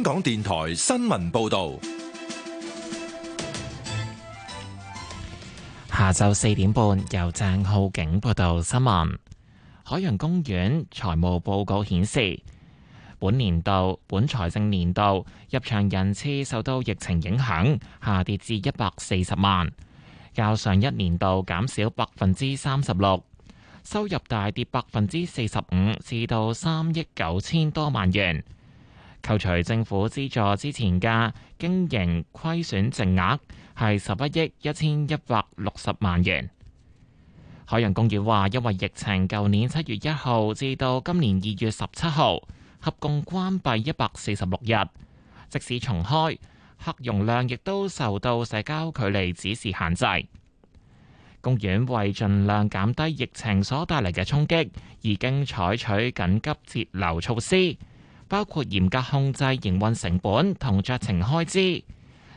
香港電台新聞報道，下晝四點半由鄭浩景報道新聞。海洋公園財務報告顯示，本年度、本財政年度入場人次受到疫情影響，下跌至一百四十萬，較上一年度減少百分之三十六，收入大跌百分之四十五，至到三億九千多萬元。扣除政府資助之前嘅經營虧損淨額係十一億一千一百六十萬元。海洋公園話，因為疫情，舊年七月一號至到今年二月十七號，合共關閉一百四十六日。即使重開，客容量亦都受到社交距離指示限制。公園為盡量減低疫情所帶嚟嘅衝擊，已經採取緊急節流措施。包括嚴格控制營運成本同酌情開支、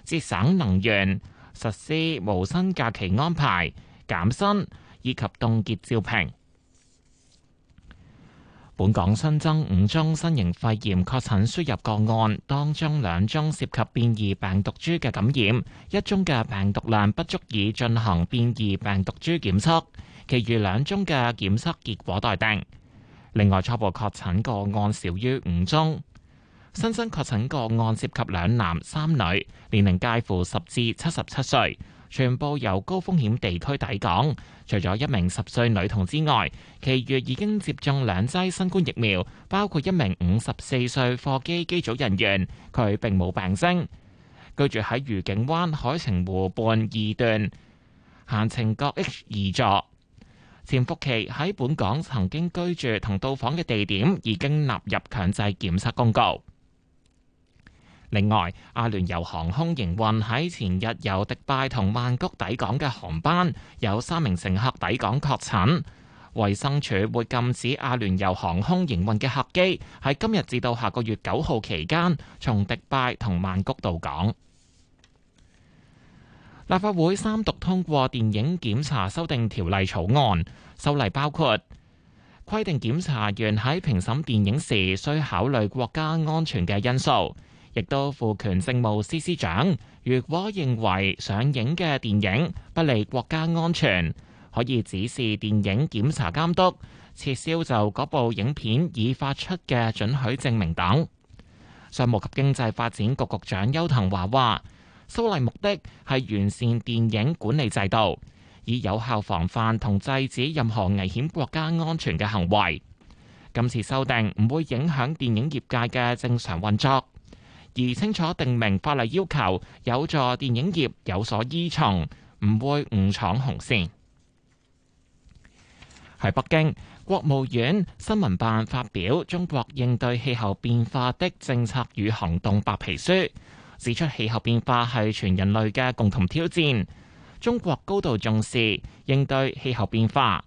節省能源、實施無薪假期安排、減薪以及凍結招聘。本港新增五宗新型肺炎確診輸入個案，當中兩宗涉及變異病毒株嘅感染，一宗嘅病毒量不足以進行變異病毒株檢測，其餘兩宗嘅檢測結果待定。另外，初步確診個案少於五宗，新增確診個案涉及兩男三女，年齡介乎十至七十七歲，全部由高風險地區抵港。除咗一名十歲女童之外，其餘已經接種兩劑新冠疫苗，包括一名五十四歲貨機機組人員，佢並冇病徵，居住喺愉景灣海澄湖畔二段閒情閣 H 二座。潛伏期喺本港曾經居住同到訪嘅地點已經納入強制檢測公告。另外，阿聯酋航空營運喺前日由迪拜同曼谷抵港嘅航班，有三名乘客抵港確診，衛生署會禁止阿聯酋航空營運嘅客機喺今日至到下個月九號期間從迪拜同曼谷到港。立法會三讀通過電影檢查修訂條例草案，修例包括規定檢查員喺評審電影時需考慮國家安全嘅因素，亦都賦權政務司司長，如果認為上映嘅電影不利國家安全，可以指示電影檢查監督撤銷就嗰部影片已發出嘅准許證明等。商務及經濟發展局局長邱騰華話。修例目的係完善電影管理制度，以有效防範同制止任何危險國家安全嘅行為。今次修訂唔會影響電影業界嘅正常運作，而清楚定明法例要求，有助電影業有所依從，唔會誤闖紅線。喺北京，國務院新聞辦發表《中國應對氣候變化的政策與行動白皮書》。指出氣候變化係全人類嘅共同挑戰。中國高度重視應對氣候變化。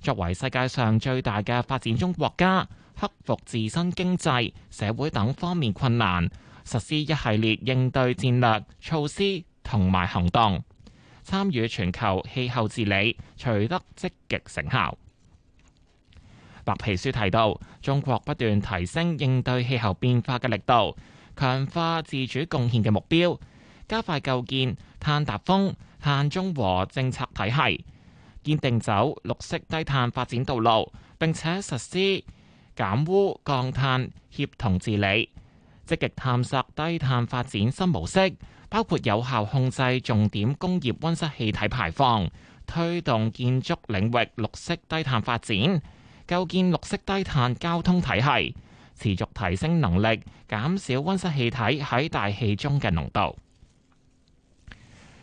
作為世界上最大嘅發展中國家，克服自身經濟、社會等方面困難，實施一系列應對戰略、措施同埋行動，參與全球氣候治理，取得積極成效。白皮書提到，中國不斷提升應對氣候變化嘅力度。強化自主貢獻嘅目標，加快構建碳達峰、碳中和政策體系，堅定走綠色低碳發展道路，並且實施減污降碳協同治理，積極探索低碳發展新模式，包括有效控制重點工業溫室氣體排放，推動建築領域綠色低碳發展，構建綠色低碳交通體系。持續提升能力，減少溫室氣體喺大氣中嘅濃度。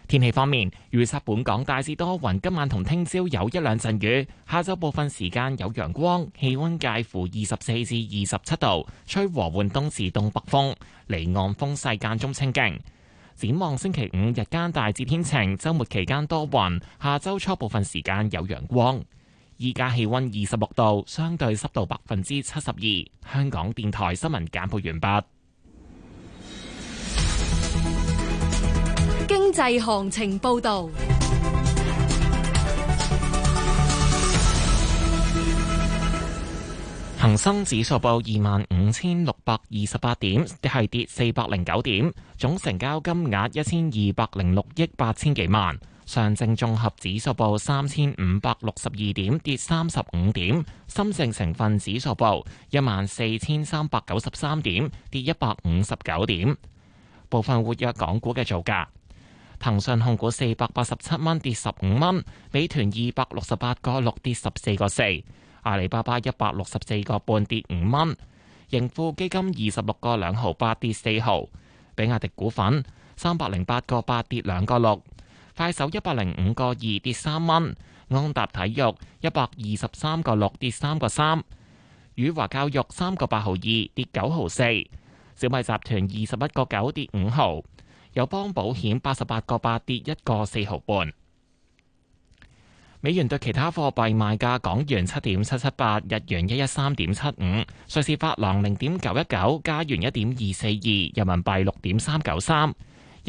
天氣方面，預測本港大致多雲，今晚同聽朝有一兩陣雨，下晝部分時間有陽光，氣溫介乎二十四至二十七度，吹和緩東至東北風，離岸風勢間中清勁。展望星期五日間大致天晴，週末期間多雲，下周初部分時間有陽光。依家氣溫二十六度，相對濕度百分之七十二。香港電台新聞簡報完畢。經濟行情報道：恒生指數報二萬五千六百二十八點，係跌四百零九點，總成交金額一千二百零六億八千幾萬。上證綜合指數報三千五百六十二點，跌三十五點；深證成分指數報一萬四千三百九十三點，跌一百五十九點。部分活躍港股嘅造價：騰訊控股四百八十七蚊，跌十五蚊；美團二百六十八個六，跌十四個四；阿里巴巴一百六十四個半，跌五蚊；盈富基金二十六個兩毫八，跌四毫；比亞迪股份三百零八個八，跌兩個六。快手一百零五個二，跌三蚊，安踏體育一百二十三個六，跌三個三，宇華教育三個八毫二，跌九毫四，小米集團二十一個九，跌五毫，友邦保險八十八個八，跌一個四毫半。美元對其他貨幣賣價：港元七點七七八，日元一一三點七五，瑞士法郎零點九一九，加元一點二四二，人民幣六點三九三。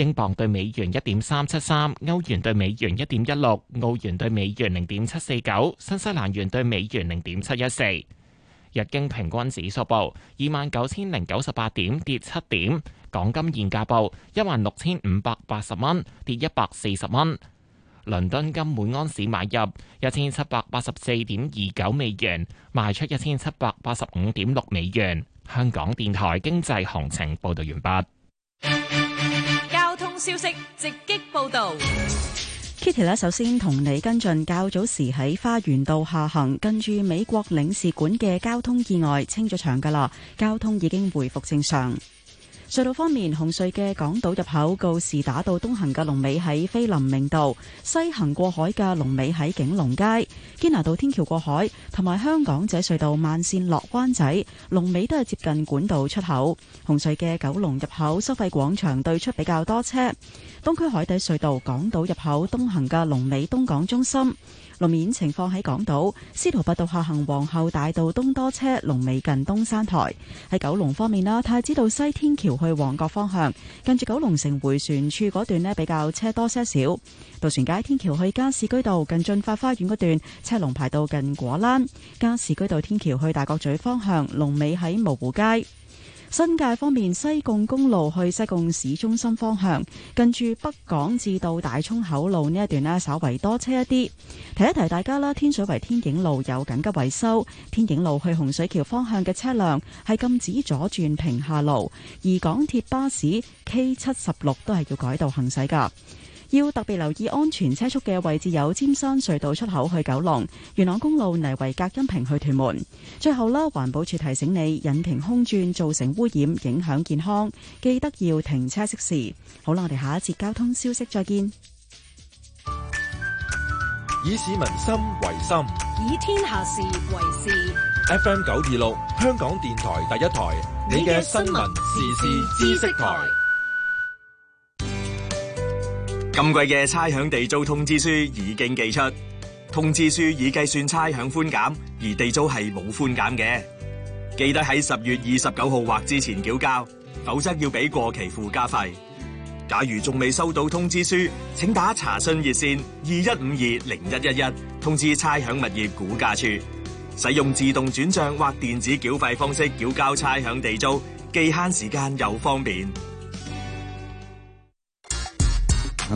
英鎊對美元一點三七三，歐元對美元一點一六，澳元對美元零點七四九，新西蘭元對美元零點七一四。日經平均指數報二萬九千零九十八點，跌七點。港金現價報一萬六千五百八十蚊，16，跌一百四十蚊。倫敦金每安士買入一千七百八十四點二九美元，賣出一千七百八十五點六美元。香港電台經濟行情報道完畢。消息直擊報道，Kitty 首先同你跟進較早時喺花園道下行跟住美國領事館嘅交通意外清咗場㗎喇，交通已經回復正常。隧道方面，紅隧嘅港島入口告士打道東行嘅龍尾喺菲林明道，西行過海嘅龍尾喺景隆街。堅拿道天橋過海同埋香港仔隧道慢綫落灣仔龍尾都係接近管道出口。紅隧嘅九龍入口收費廣場對出比較多車。東區海底隧道港島入口東行嘅龍尾東港中心。路面情況喺港島，司徒拔道下行皇后大道東多車，龍尾近東山台。喺九龍方面啦，太子道西天橋去旺角方向，近住九龍城迴旋處嗰段呢，比較車多些少。渡船街天橋去加士居道近進發花園嗰段，車龍排到近果欄。加士居道天橋去大角咀方向，龍尾喺蕪湖街。新界方面，西貢公路去西貢市中心方向，近住北港至到大涌口路呢一段咧，稍微多車一啲。提一提大家啦，天水圍天影路有緊急維修，天影路去洪水橋方向嘅車輛係禁止左轉平下路，而港鐵巴士 K 七十六都係要改道行駛噶。要特別留意安全車速嘅位置有尖山隧道出口去九龍、元朗公路泥圍隔音屏去屯門。最後啦，環保署提醒你，引擎空轉造成污染，影響健康，記得要停車熄匙。好啦，我哋下一節交通消息再見。以市民心為心，以天下事為事。FM 九二六，香港電台第一台，你嘅新聞時事知識台。今季嘅差餉地租通知書已經寄出，通知書已計算差餉寬減，而地租係冇寬減嘅。記得喺十月二十九號或之前繳交，否則要俾過期附加費。假如仲未收到通知書，請打查詢熱線二一五二零一一一通知差餉物業估價處。使用自動轉賬或電子繳費方式繳交差餉地租，既慳時間又方便。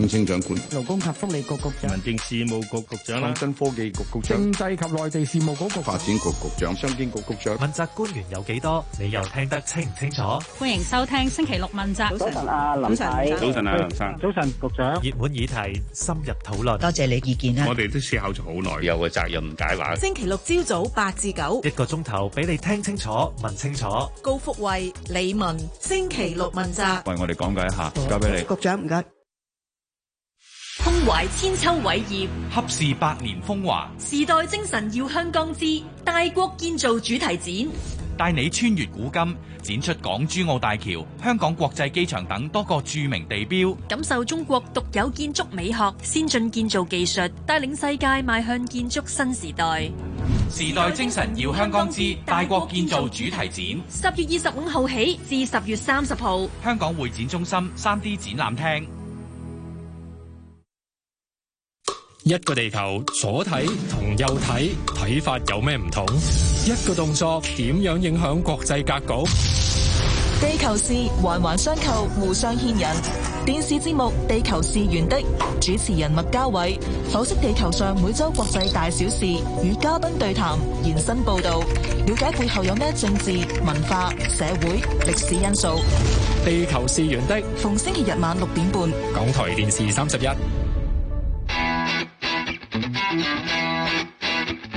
行政長官、勞工及福利局局長、民政事務局局長、創新科技局局長、政制及內地事務局局長、發展局局長、商經局局長，問責官員有幾多？你又聽得清唔清楚？歡迎收聽星期六問責。早晨，阿林生。早晨，阿林生。早晨，局長。熱門議題，深入討論。多謝你意見啦。我哋都思考咗好耐，有嘅責任解話。星期六朝早八至九，一個鐘頭俾你聽清楚、問清楚。高福慧、李文，星期六問責。為我哋講解一下，交俾你，局長唔該。胸懷千秋偉業，恰是百年風華。時代精神耀香港之大國建造主題展，帶你穿越古今，展出港珠澳大橋、香港國際機場等多個著名地標，感受中國獨有建築美學、先進建造技術，帶領世界邁向建築新時代。時代精神耀香港之大國建造主題展，十月二十五號起至十月三十號，香港會展中心三 D 展覽廳。一個地球左睇同右睇，睇法有咩唔同？一個動作點樣影響國際格局？地球是環環相扣、互相牽引。電視節目《地球是圓的》，主持人麥嘉偉剖析地球上每周國際大小事，與嘉賓對談延伸報道，了解背後有咩政治、文化、社會、歷史因素。地球是圓的，逢星期日晚六點半，港台電視三十一。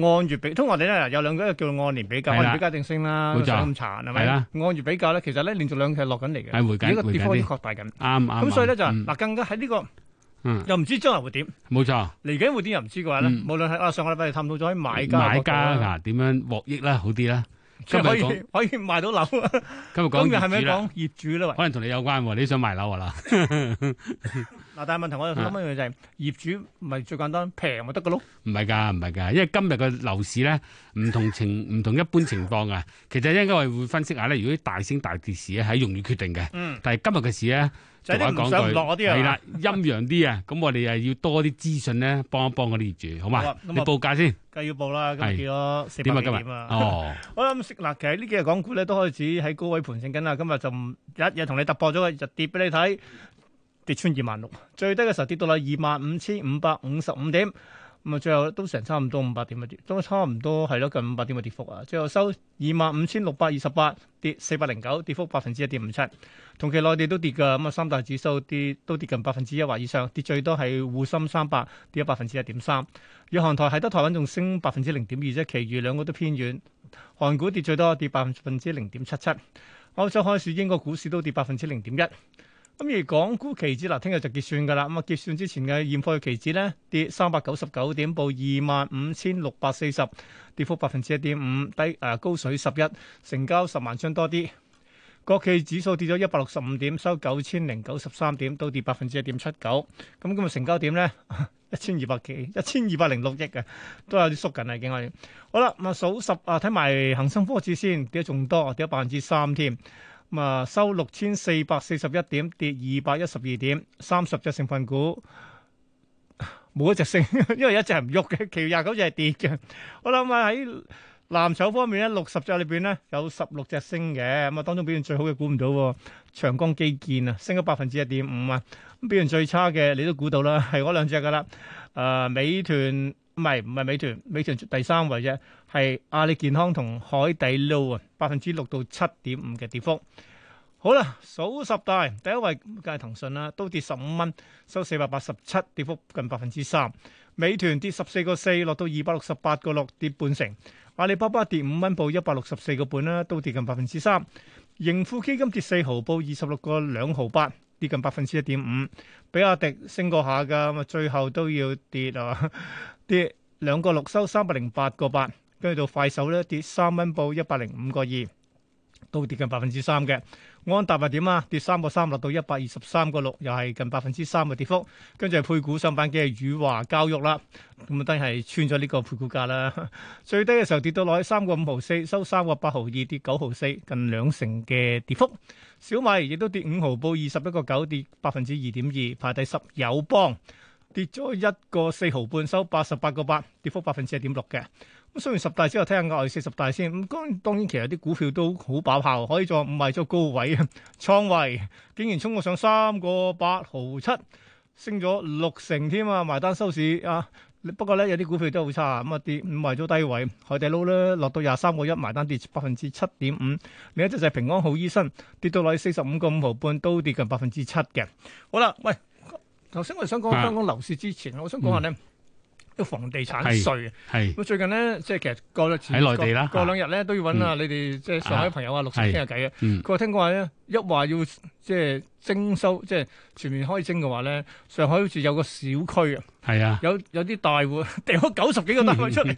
按月比，通常我哋咧有兩個叫按年比較，按年比較定性啦，冇咁殘係咪？按月比較咧，其實咧連續兩期係落緊嚟嘅，而家個跌幅已經擴大緊。啱啱，咁所以咧就嗱，更加喺呢個，嗯，又唔知將來會點？冇錯，嚟緊會點又唔知嘅話咧，無論係啊上個禮拜探討咗買家，買家啊點樣獲益啦，好啲啦。可以賣到樓啊！今日係咪講業主咧？是是主可能同你有關，你想賣樓啊啦？嗱， 但係問題我諗樣嘢就係業主，唔係最簡單平咪得噶咯？唔係噶，唔係噶，因為今日嘅樓市咧，唔同情唔 同一般情況啊。其實應該我哋會分析下咧，如果大升大跌市咧係容易決定嘅。嗯，但係今日嘅市咧。就啲唔上唔落嗰啲啊，係啦，陰陽啲啊，咁 我哋又要多啲資訊咧，幫一幫我哋住，好嘛？咁吧、嗯、你報價先，梗要報啦，咁跌咗四百點啊！ 哦， 我諗食嗱，其實呢幾日港股咧都開始喺高位盤整緊啦，今日就一日同你突破咗日跌俾你睇，跌穿二萬六，最低嘅時候跌到啦二萬五千五百五十五點。咁啊，最後都成差唔多五百點嘅跌，都差唔多係咯，近五百點嘅跌幅啊！最後收二萬五千六百二十八，跌四百零九，跌幅百分之一點五七。同期內地都跌嘅，咁啊，三大指數跌都跌近百分之一或以上，跌最多係滬深三百跌咗百分之一點三。若韓台係得台灣仲升百分之零點二啫，其餘兩個都偏遠。韓股跌最多跌百分之零點七七。歐洲開市，英國股市都跌百分之零點一。咁而港股期指嗱，聽日就結算噶啦。咁啊，結算之前嘅現貨期指咧跌三百九十九點，報二萬五千六百四十，跌幅百分之一點五，低誒高水十一，成交十萬張多啲。國企指數跌咗一百六十五點，收九千零九十三點，都跌百分之一點七九。咁今日成交點咧一千二百幾，一千二百零六億嘅，都有啲縮緊啊，已經係。好啦，咁啊數十啊，睇埋恒生科指先，跌得仲多，跌咗百分之三添。咁啊，收六千四百四十一點，跌二百一十二點，三十隻成分股冇一隻升，因為一隻係唔喐嘅，其餘廿九隻係跌嘅。我諗喺藍籌方面咧，六十隻裏邊咧有十六隻升嘅，咁啊當中表現最好嘅估唔到，長江基建啊，升咗百分之一點五啊，咁表現最差嘅你都估到啦，係嗰兩隻噶啦，誒、呃、美團。唔係唔係美團，美團第三位啫，係阿里健康同海底撈啊，百分之六到七點五嘅跌幅。好啦，數十大第一位梗係騰訊啦，都跌十五蚊，收四百八十七，跌幅近百分之三。美團跌十四個四，落到二百六十八個六，跌半成。阿里巴巴跌五蚊，報一百六十四個半啦，都跌近百分之三。盈富基金跌四毫，報二十六個兩毫八，跌近百分之一點五。比亞迪升過下噶，咁啊最後都要跌啊。跌兩個六收三百零八個八，跟住到快手咧跌三蚊報一百零五個二，都跌近百分之三嘅。安踏係點啊？跌三個三落到一百二十三個六，又係近百分之三嘅跌幅。跟住配股上板嘅宇華教育啦，咁啊都係穿咗呢個配股價啦。最低嘅時候跌到落去三個五毫四，收三個八毫二，跌九毫四，近兩成嘅跌幅。小米亦都跌五毫報二十一個九，跌百分之二點二，排第十。友邦。跌咗一個四毫半，收八十八個八，跌幅百分之一點六嘅。咁雖然十大之後聽下外四十大先，咁當然其實啲股票都好爆爆，可以再唔賣咗高位啊，倉位竟然衝過上三個八毫七，升咗六成添啊，埋單收市啊。不過咧有啲股票都好差，咁一跌唔賣咗低位。海底撈咧落到廿三個一，埋單跌百分之七點五。另一隻就係平安好醫生，跌到落去四十五個五毫半，都跌近百分之七嘅。好啦，喂。頭先我哋想講香港樓市之前，我想講下咧，嗯個房地產稅啊，咁最近咧，即係其實過兩過兩日咧都要揾啊你哋即係上海朋友啊，陸生傾下偈嘅。佢話聽講話咧，一話要即係徵收，即係全面開徵嘅話咧，上海好似有個小區啊，有有啲大戶掟咗九十幾個單位出嚟，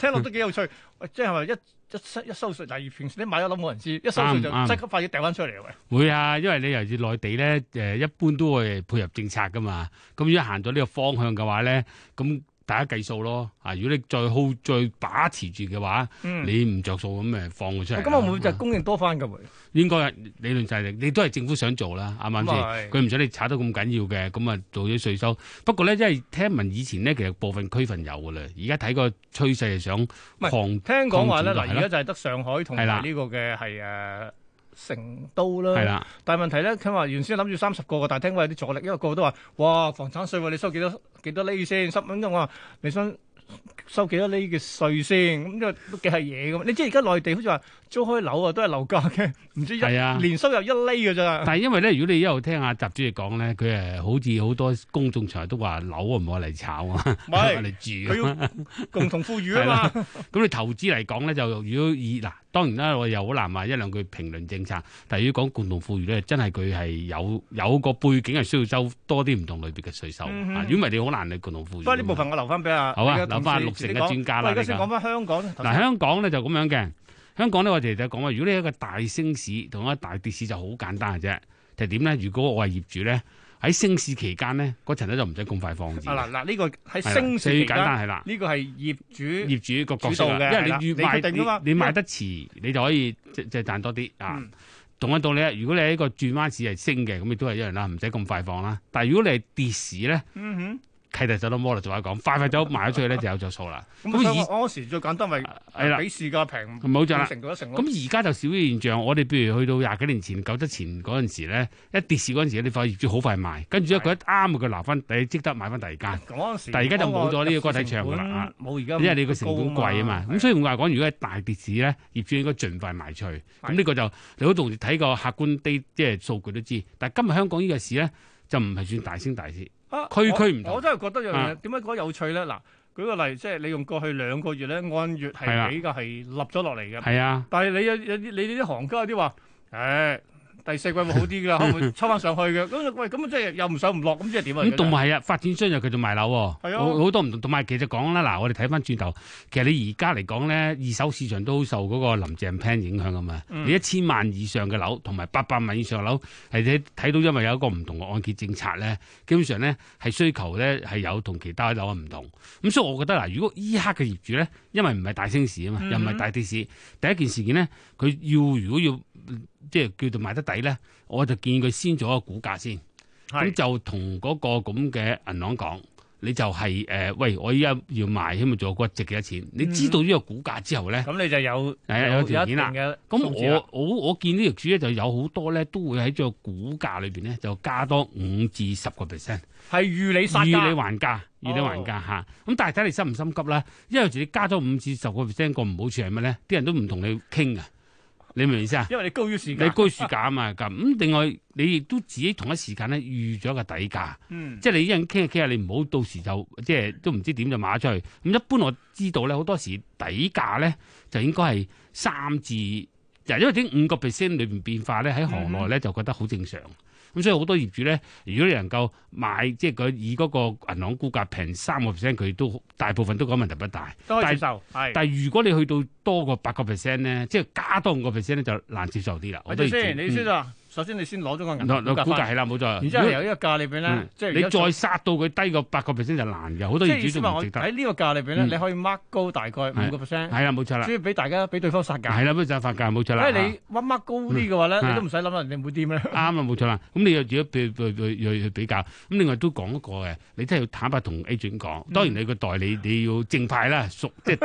聽落都幾有趣。喂，即係話一一收一收稅，但係完全你買都冇人知，一收稅就即刻快啲掟翻出嚟啊！會啊，因為你尤其是內地咧，誒一般都會配合政策噶嘛。咁如果行咗呢個方向嘅話咧，咁。大家計數咯，啊！如果你再好再把持住嘅話，嗯、你唔着數咁咪放佢出嚟。咁、嗯、我會唔會就供應多翻嘅？會，應該理論上你都係政府想做啦，啱唔啱先？佢唔想你炒得咁緊要嘅，咁啊做咗稅收。不過咧，因為聽聞以前咧，其實部分區份有嘅啦，而家睇個趨勢係想狂。聽講話咧，嗱，而家就係得上海同埋呢個嘅係誒。的成都啦，係啦，但係問題咧，佢話原先諗住三十個嘅，但係聽聞有啲阻力，因為個個都話：哇，房產稅你收幾多幾多厘先？十蚊咁話，你想……」收幾多厘嘅稅先，咁就都幾係嘢嘛。你知而家內地好似話租開樓啊，都係樓價嘅，唔知一年收入一厘嘅咋、啊。但係因為咧，如果你一路聽阿習主席講咧，佢誒好似好多公眾場都話樓啊唔可以嚟炒啊，買嚟是住、啊。佢要共同富裕啊嘛。咁、 啊、你投資嚟講咧，就如果以嗱，當然啦，我又好難話一兩句評論政策。但係如果講共同富裕咧，真係佢係有有個背景係需要收多啲唔同類別嘅稅收。如果唔係，啊、你好難你共同富裕。不過呢部分我留翻俾阿。好啊。有翻六,六成嘅專家啦，咁啊，先講翻香港嗱，香港咧就咁樣嘅。香港咧，我哋就講話，如果你一個大升市同一個大跌市就好簡單，就好簡單嘅啫。就係點咧？如果我係業主咧，喺升市期間咧，嗰層咧就唔使咁快放。啊嗱嗱，呢個喺升市期間，呢、呢個係業主，主業主個角度嘅。因為你買你，定你買得遲，你就可以即即係賺多啲、嗯、啊。同一道理，如果你喺一個轉彎市係升嘅，咁亦都係一樣啦，唔使咁快放啦。但係如果你係跌市咧，嗯哼。契弟走咗，摩羅做下講，快快走賣咗出去咧，就有著數啦。咁而嗰時最簡單咪，係啦，比市價平唔係好咗成到咁而家就少啲現象。我哋譬如去到廿幾年前九七前嗰陣時咧，一跌市嗰陣時你發現業主好快賣，跟住一個一啱佢拿翻，你即刻買翻第二間。嗰陣時但而家就冇咗呢個歌仔唱噶啦，冇而家，因為你個成本貴啊嘛。咁所以我話講，如果係大跌市咧，業主應該儘快賣出去。咁呢個就你好同睇個客觀啲，即係數據都知。但係今日香港呢個市咧，就唔係算大升大跌，啊、區區唔同，我真係覺得有樣嘢，點解覺得有趣咧？嗱、啊，舉個例，即係你用過去兩個月咧，按月係比較係立咗落嚟嘅，係啊。但係你有有啲你哋啲行家啲話，唉、欸。第四季會好啲噶， 可能會抽翻上去嘅。咁喂，咁啊，即係又唔上唔落，咁即係點啊？咁同埋係啊，發展商又繼續賣樓、哦。係啊，好多唔同同埋其實講啦。嗱，我哋睇翻轉頭，其實你而家嚟講咧，二手市場都好受嗰個林鄭 plan 影響啊嘛。你一千萬以上嘅樓，同埋八百萬以上樓，係睇到，因為有一個唔同嘅按揭政策咧，基本上咧係需求咧係有同其他樓唔同。咁所以，我覺得嗱，如果依刻嘅業主咧，因為唔係大升市啊嘛，又唔係大跌市，嗯、第一件事件咧，佢要如果要即係叫做賣得睇咧，我就建議佢先做一個股價先，咁是就同嗰個咁嘅銀行講，你就係、是、誒，喂，我依家要賣，希望做個估值幾多錢？你知道呢個股價之後咧，咁、嗯、你就有、哎、有條件啦。咁我我我見啲業主咧，就有好多咧都會喺呢個股價裏邊咧，就加多五至十個 percent，係預你殺價、預你還價、預你還價吓。咁但係睇你心唔心急啦。因為有時你加多五至十個 percent 個唔好處係咩咧？啲人都唔同你傾噶。你明唔明意思啊？因為你高於市價，你高於市價啊嘛咁。咁另外你亦都自己同一時間咧預咗個底價，嗯、即係你一樣傾下傾下，你唔好到時就即係都唔知點就買出去。咁、嗯、一般我知道咧，好多時底價咧就應該係三至就是、因為呢五個 percent 裏邊變化咧喺行內咧就覺得好正常。嗯咁所以好多業主咧，如果你能夠買，即係佢以嗰個銀行估價平三個 percent，佢都大部分都講問題不大。接受係，但係是如果你去到多過八個 percent 咧，即係加多五個 percent 咧，就難接受啲啦。我哋生，你先啦。嗯首先你先攞咗個銀，估計係啦，冇錯。然之後由呢個價裏邊咧，即係你再殺到佢低個八個 percent 就難嘅，好多業主仲唔喺呢個價裏邊咧，你可以 mark 高大概五個 percent。係啊，冇錯啦。主要俾大家俾對方殺價。係啦，俾殺價價，冇錯啦。因為你 mark 高啲嘅話咧，你都唔使諗啦，你會點咧？啱啊，冇錯啦。咁你又如果去比較，咁另外都講過嘅，你真係要坦白同 agent 講。當然你個代理你要正派啦，熟即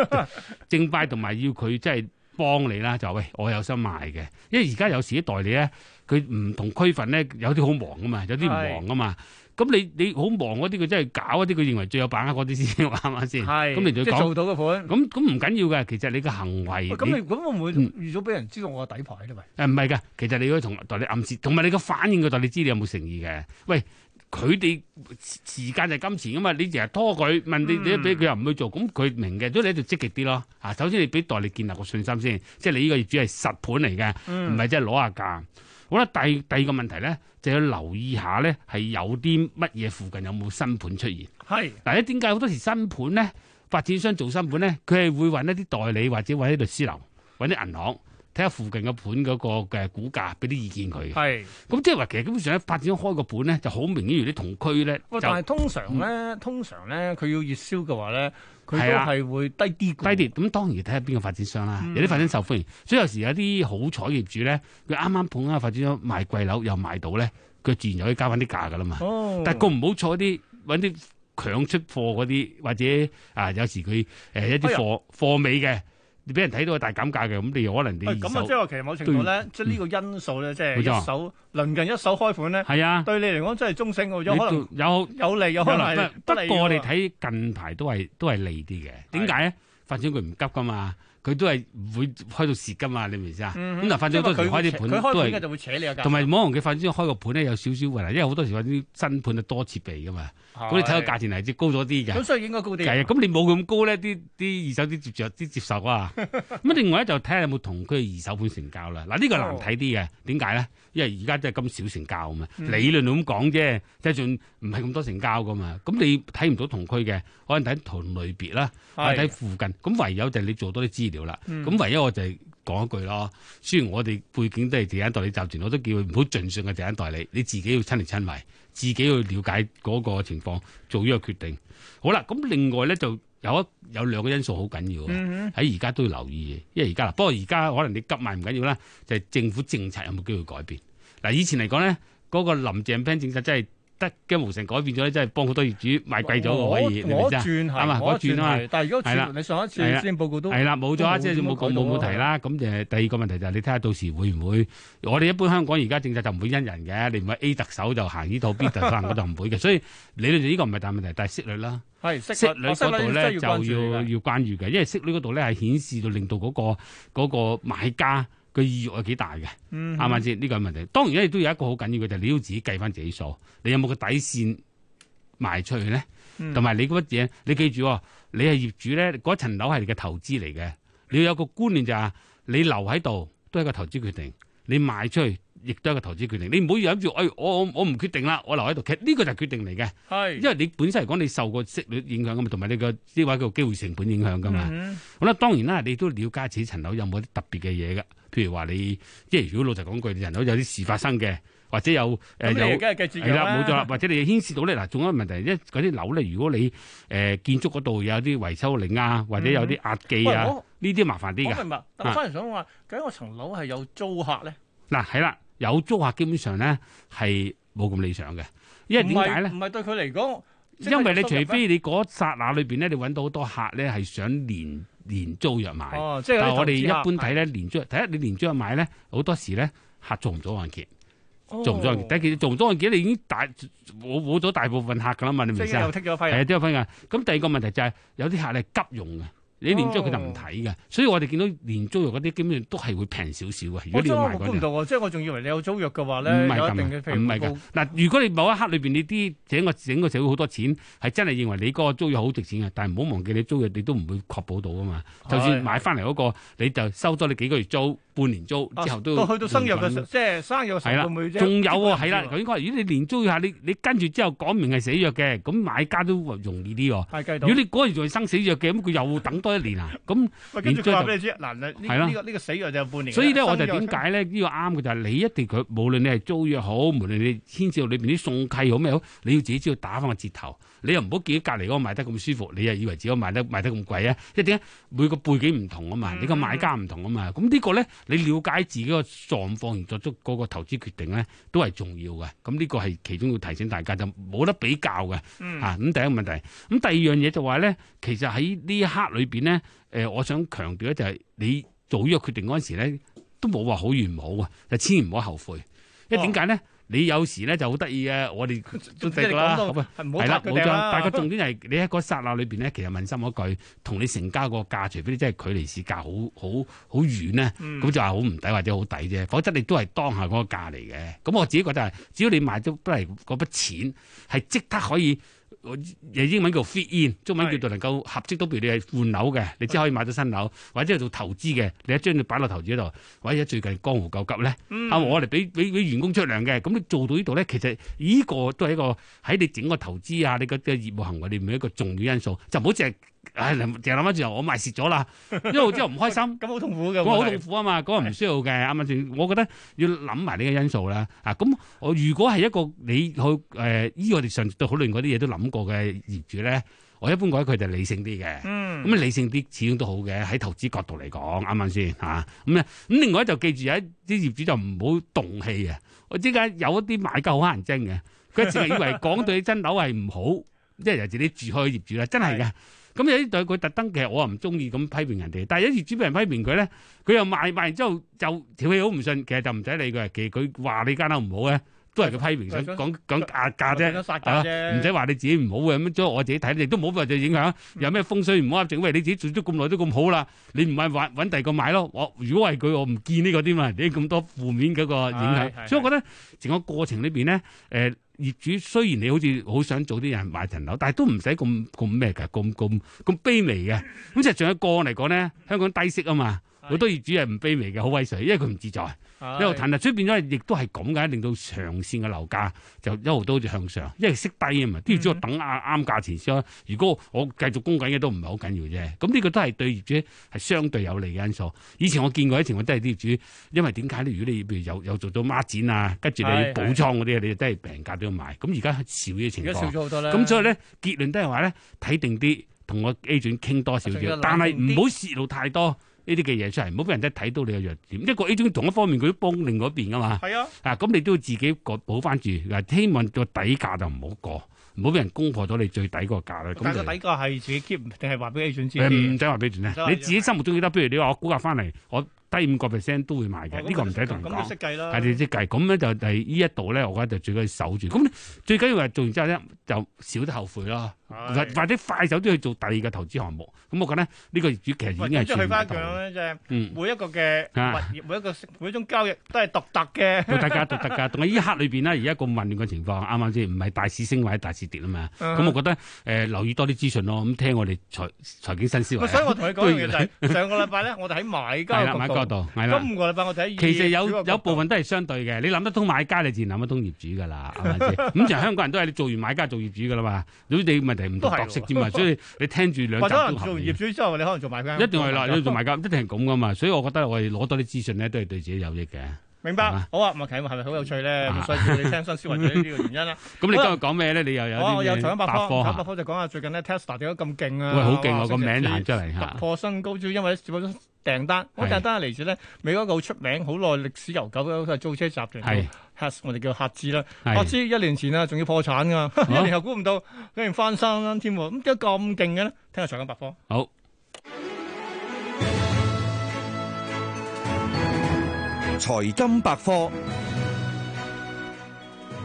正派，同埋要佢即係幫你啦。就，喂，我有心賣嘅，因為而家有時啲代理咧。佢唔同區份咧有啲好忙㗎嘛，有啲唔忙㗎嘛。咁是的 你你好忙嗰啲，佢真係搞嗰啲，佢認為最有把握嗰啲先，係咪先？咁你仲要做到嘅款？咁咁唔緊要嘅，其實你嘅行為。咁你咁會唔會預咗俾、嗯、人知道我嘅底牌咧？唔係嘅，其實你要同代理暗示，同埋你嘅反應，個代理知你有冇誠意嘅。喂，佢哋時間就係金錢啊嘛！你成日拖佢問你，你俾佢又唔去做，咁佢、嗯、明嘅，所以你就積極啲咯。啊，首先你俾代理建立個信心先，即係你呢個業主係實盤嚟嘅，唔係即係攞下價。好啦，第第二個問題咧，就要留意一下咧，係有啲乜嘢附近有冇新盤出現？係嗱是，咧點解好多時新盤咧，發展商做新盤咧，佢係會揾一啲代理或者揾啲律師樓，揾啲銀行。睇下附近嘅盤嗰個嘅股價，俾啲意見佢。係是，咁即係話其實基本上咧，發展商開個盤咧，就好明顯如啲同區咧。但係通常咧，嗯、通常咧，佢要熱銷嘅話咧，佢都係會低啲，啊。低啲咁當然睇下邊個發展商啦，嗯、有啲發展受歡迎，所以有時有啲好彩業主咧，佢啱啱捧啱發展商賣貴樓又賣到咧，佢自然就可以加翻啲價噶啦嘛。哦、但係佢唔好坐啲揾啲強出貨嗰啲，或者啊，有時佢誒、呃、一啲貨、哎、呀貨尾嘅。你俾人睇到係大減價嘅，咁你可能啲二手咁啊，即係其實某程度咧，都即係呢個因素咧，即係、嗯、一手鄰、嗯、近一手開款咧，係啊，對你嚟講真係中性，有可能有有利有可能不，利不，不，不，不過我哋睇近排都係都係利啲嘅，點解咧？發展佢唔急噶嘛。佢都係會開到蝕噶嘛，你明唔明意思啊？咁嗱、嗯哼，嗯、反正都開啲盤都係同埋網紅嘅發展商開個盤咧，有少少雲，因為好多時啲新盤多設備噶嘛，咁的你睇個價錢係只高咗啲嘅。咁所以應該高啲。係啊，咁你冇咁高咧，啲啲二手啲接接受啊。咁啊，另外一就睇下有冇同佢二手盤成交啦。嗱、啊，這個、的呢個難睇啲嘅，點解咧？因為而家都係咁少成交嘛，嗯、理論咁講啫，即係仲唔係咁多成交噶嘛？咁你睇唔到同區嘅，可能睇同類別啦，的或者睇附近。咁唯有就係你做多啲資料啦。咁、嗯、唯一我就講一句咯。雖然我哋背景都係地產代理集團，我都叫佢唔好盡信嘅地產代理，你自己要親力親為，自己去了解嗰個情況，做呢個決定。好啦，咁另外咧就有一有兩個因素好緊要喎、啊。喺而家都要留意嘅。因為而家啦。不過而家可能你急賣唔緊要啦，就係、是、政府政策有冇機會改變。嗱，以前嚟講咧，嗰個林鄭政政策真係得驚無成改變咗咧，真係幫好多業主買貴咗可以，係咪先？啱啊，我轉啊嘛，但係如果轉，你上一次先報告都係啦，冇咗即係冇冇冇提啦。咁誒，第二個問題就係你睇下到時會唔會？我哋一般香港而家政策就唔會因人嘅，你唔係 A 特首就行呢套，B 特首我就唔會嘅。所以理論上呢個唔係大問題，但係息率啦，息率嗰度咧就要要關注嘅，因為息率嗰度咧係顯示到令到嗰個嗰個買家。佢意欲係幾大嘅，啱唔啱先？呢、嗯、哼個係問題，當然咧亦都有一個好緊要嘅，就係你要自己計翻自己數，你有冇個底線賣出去咧？同埋、嗯、你乜嘢？你記住、哦，你係業主咧，嗰層樓係你嘅投資嚟嘅。你要有個觀念就係、是，你留喺度都係個投資決定，你賣出去，亦都係一個投資決定，你唔好諗住，哎，我我唔決定啦，我留喺度。其實呢個就係決定嚟嘅，是因為你本身嚟講，你受個息率影響㗎嘛，同埋你個、呢個呢位叫做機會成本影響㗎嘛。嗯、哼好啦當然啦，你都了解自己層樓有冇啲特別嘅嘢㗎？譬如話你，即係如果老實講句，層樓有啲事發生嘅，或者有誒、嗯、有係啦，冇錯啦，啊、或者你牽涉到咧嗱，仲有一個問題，因為嗰啲樓咧，如果你誒、呃、建築嗰度有啲維修令啊，或者有啲壓記啊，呢啲、嗯、麻煩啲㗎。我明白，但反而想話，啊、究竟我層樓係有租客咧，嗱係啦。有租客基本上咧係冇咁理想嘅，因為點解咧？唔係對佢嚟講，因為你除非你嗰剎那裏邊咧，你揾到好多客咧係想連連租約買。哦，即係我哋一般睇咧，連租約第一看你連租約買咧，好多時咧客做唔咗按揭，做唔咗按揭。第二件做唔咗按揭，你已經大攞冇咗大部分客噶啦嘛，你明唔明先？係啊，都有分㗎。咁第二個問題就係、係、有啲客係急用嘅。你連租佢就唔睇嘅，oh. 所以我哋見到連租約嗰啲，基本上都係會平少少嘅。如果你要賣嗰、oh, 估唔到即係我仲以為你有租約嘅話咧，唔係咁，唔係嗱，如果你某一刻裏邊你啲整個整個社會好多錢係 真係認為你嗰個租約好值錢嘅，但係唔好忘記你租約你都唔會確保到㗎嘛。就算買翻嚟嗰個，你就收咗你幾個月租、半年租、啊、之後都都去到生約嘅時候，即係生約十年會仲有啊，係啦、啊，佢應該如果你連租下你你跟住之後講明係死約嘅，咁買家都容易啲喎、啊。的如果你嗰樣仲係生死約嘅，咁佢又會等嗰一年啊，咁連續追就係啦。呢這、這個呢個死約就半年。所以咧，了我就點解咧？呢、這個啱嘅就係你一定佢，無論你係租約好，無論你牽涉到裏邊啲送契好咩好，你要自己知道打返個折頭。你又唔好見隔離嗰個賣得咁舒服，你又以為自己賣得賣得咁貴啊？即係點解每個背景唔同啊嘛？嗯、你個買家唔同啊嘛？咁呢個咧，你了解自己個狀況而作出個個投資決定咧，都係重要嘅。咁呢個係其中要提醒大家，就冇得比較嘅嚇。咁、嗯啊、第一個問題，咁第二樣嘢就話咧，其實喺呢一刻裏邊咧，誒、呃，我想強調咧，就係你做呢個決定嗰陣時咧，都冇話好與唔好啊，就千祈唔好後悔。因為點解咧？嗯你有時咧就好得意嘅，我哋都提到啦，係啦，冇錯。但個重點係，你喺嗰剎那裏邊咧，其實問心嗰句，同你成交個價，除非你真係距離市價好好好遠咧，咁、嗯、就係好唔抵或者好抵啫。否則你都係當下嗰個價嚟嘅。咁我自己覺得只要你買到都係嗰筆錢係即刻可以。英文叫 fit in，中文叫做能夠合適到。譬如你係換樓嘅，你只可以買到新樓，或者係做投資嘅，你一將你擺落投資度，或者最近江湖救急咧，嗯、啊我哋俾俾俾員工出糧嘅，咁你做到呢度咧，其實呢個都係一個喺你整個投資啊，你個嘅業務行為裏面有一個重要因素，就唔好凈係。唉，淨係諗翻住，我賣蝕咗啦。因為之後唔開心，咁好 痛苦嘅。咁好痛苦啊嘛。嗰的個唔需要嘅，啱啱先，我覺得要諗埋呢個因素啦。啊，咁我如果係一個你去誒，依我哋上次都討論嗰啲嘢都諗過嘅業主咧，我一般覺得佢哋理性啲嘅。咁、嗯嗯、理性啲始終都好嘅，喺投資角度嚟講，啱啱先啊？咁、嗯、咧，咁、嗯、另外就記住，有一啲業主就唔好動氣啊！我依家有一啲買家好乞人憎嘅，佢只係以為講對你真樓係唔好，即係 尤其是你住開嘅業主咧，真係嘅。是的咁有啲對佢特登，其實我又唔中意咁批評人哋。但係有時俾人批評佢咧，佢又賣賣完之後就條氣好唔順，其實就唔使理佢。其實佢話你間樓唔好咧，都係佢批評。啊、想講講價價啫，唔使話你自己唔好嘅。咁將我自己睇，你都冇好話影響。嗯、有咩風水唔好整？喂，你自己做咗咁耐都咁好啦，你唔係揾揾第二個買咯。我如果係佢，我唔見呢個啲嘛。你咁多負面嗰個影響，哎、是所以我覺得整個過程裏邊咧，誒、呃。業主，雖然你好似好想早啲人買層樓，但係都唔使咁咁咩㗎，咁咁咁卑微嘅。咁即係仲有一個嚟講咧，香港低息啊嘛。好多業主係唔卑微嘅，好威水，因為佢唔自在，一路騰騰，所以變咗亦都係咁嘅，令到長線嘅樓價就一路都好似向上，因為息低啊嘛，都、嗯、哼要再等下啱價錢先。如果我繼續供緊嘅都唔係好緊要啫。咁呢個都係對業主係相對有利嘅因素。以前我見過啲情況都係業主，因為點解咧？如果你如有有做咗孖展啊，跟住你要補倉嗰啲，的你真係病價都要買。咁而家少啲情況，而家少咗好多啦，咁所以咧結論都係話咧，睇定啲，同我 A 轉傾多少少，啊、但係唔好泄露太多。呢啲嘅嘢出嚟，唔好俾人真係睇到你嘅弱點。一個 A 中同一方面佢都幫另一邊噶嘛。係啊，啊咁你都要自己個保翻住，嗱希望個底價就唔好過，唔好俾人攻破咗你最格底個價啦。咁底價係自己 keep 定係話俾 A 轉知？唔使話俾轉，你自己心目中記得。譬如你話我估價翻嚟，我。低五個 percent 都會賣嘅，呢個唔使同人講，係你知計。咁咧就係呢一度咧，我覺得就最緊要守住。咁咧最緊要係做完之後咧，就少啲後悔咯。或者快手啲去做第二個投資項目。咁我覺得呢個業主其實已經係轉頭。或者去翻帳咧，即係每一個嘅物業，每一個每一種交易都係獨特嘅。獨特㗎，獨特㗎。同埋呢一刻裏邊咧，而家個混亂嘅情況啱啱先？唔係大市升或者大市跌啊嘛。咁我覺得誒留意多啲資訊咯。咁聽我哋財財經新思維。所以我同你講樣嘢就係上個禮拜咧，我哋喺買。角度係啦。其實有有部分都係相對嘅，你諗得通買家，你自然諗得通業主噶啦。咁就香港人都係你做完買家做業主噶啦嘛。所以你問題唔同，角色啫嘛。所以你聽住兩集都合意。或者可能做業主之後，你可能做買家。一定係啦，你做買家一定係咁噶嘛。所以我覺得我哋攞多啲資訊咧，都係對自己有益嘅。明白。好啊，麥啟係咪好有趣咧？唔需你聽新思維呢啲原因啦。咁你今日講咩咧？你又有我有財經百科，百科就講下最近咧 Tesla 點解咁勁啊？哇！好勁喎，個名彈出嚟嚇。突破新高主要因為訂單，好簡單，嚟自咧美國一個好出名、好耐歷史悠久嘅租車集團，係是我哋叫赫茲啦。赫茲一年前啊，仲要破產㗎，是 一年後估唔到居然翻生啦添，咁點解咁勁嘅呢？聽下財金百科。好，財金百科。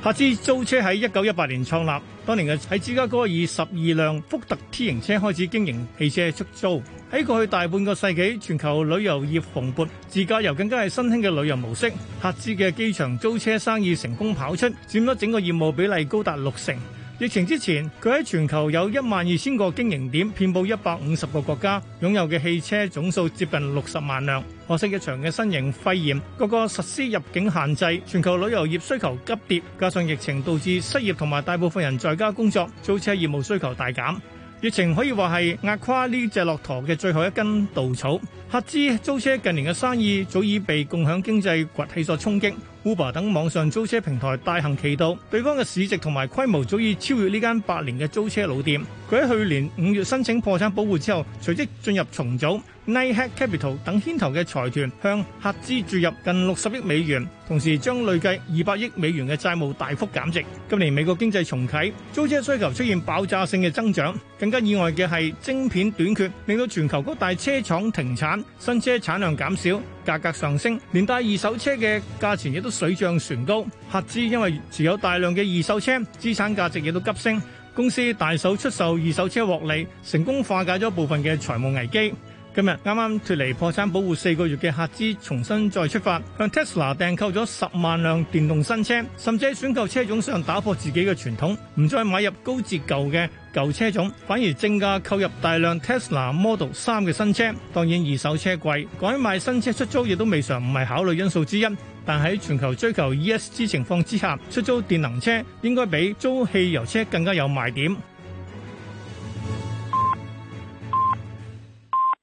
赫茲租車喺一九一八年創立，當年嘅喺芝加哥以十二輛福特 T 型車開始經營汽車出租。喺過去大半個世紀，全球旅遊業蓬勃，自駕遊更加係新興嘅旅遊模式。客資嘅機場租車生意成功跑出，佔咗整個業務比例高達六成。疫情之前，佢喺全球有一萬二千個經營點，遍佈一百五十個國家，擁有嘅汽車總數接近六十萬輛。可惜一場嘅新型肺炎，個個實施入境限制，全球旅遊業需求急跌，加上疫情導致失業同埋大部分人在家工作，租車業務需求大減。疫情可以話係壓垮呢隻駱駝嘅最後一根稻草。赫茲租車近年嘅生意早已被共享經濟崛起所衝擊。Uber 等網上租車平台大行其道，對方嘅市值同埋規模早已超越呢間百年嘅租車老店。佢喺去年五月申請破產保護之後，隨即進入重組。Knighthead Capital 等牽頭嘅財團向合資注入近六十億美元，同時將累計二百億美元嘅債務大幅減值。今年美國經濟重啟，租車需求出現爆炸性嘅增長。更加意外嘅係晶片短缺，令到全球各大車廠停產，新車產量減少，價格上升，連帶二手車嘅價錢亦都水漲船高。合資因為持有大量嘅二手車，資產價值亦都急升，公司大手出售二手車獲利，成功化解咗部分嘅財務危機。今日啱啱脫離破產保護四個月嘅客資重新再出發，向 Tesla 訂購咗十萬輛電動新車，甚至喺選購車種上打破自己嘅傳統，唔再買入高折舊嘅舊車種，反而正價購入大量 Tesla Model 三嘅新車。當然二手車貴，改賣新車出租亦都未嘗唔係考慮因素之一。但喺全球追求 ESG 情況之下，出租電能車應該比租汽油車更加有賣點。